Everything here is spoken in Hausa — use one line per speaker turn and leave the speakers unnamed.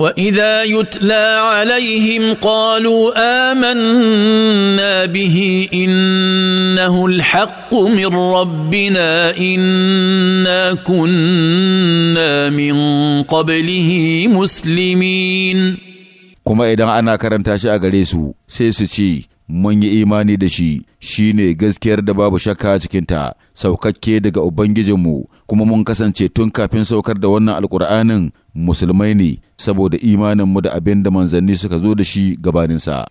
واذا يتلى عليهم قالوا امنا به انه الحق من ربنا انا كنا من قبله مسلمين
كما اذا انا كرمت اشياء a gare mun yi imani da shi shi ne gaskiyar da babu shakka a cikinta saukakke daga ubangijinmu kuma mun kasance tun kafin saukar da wannan alkur'anin musulmai ne saboda imaninmu da abin da manzanni suka zo da shi gabaninsa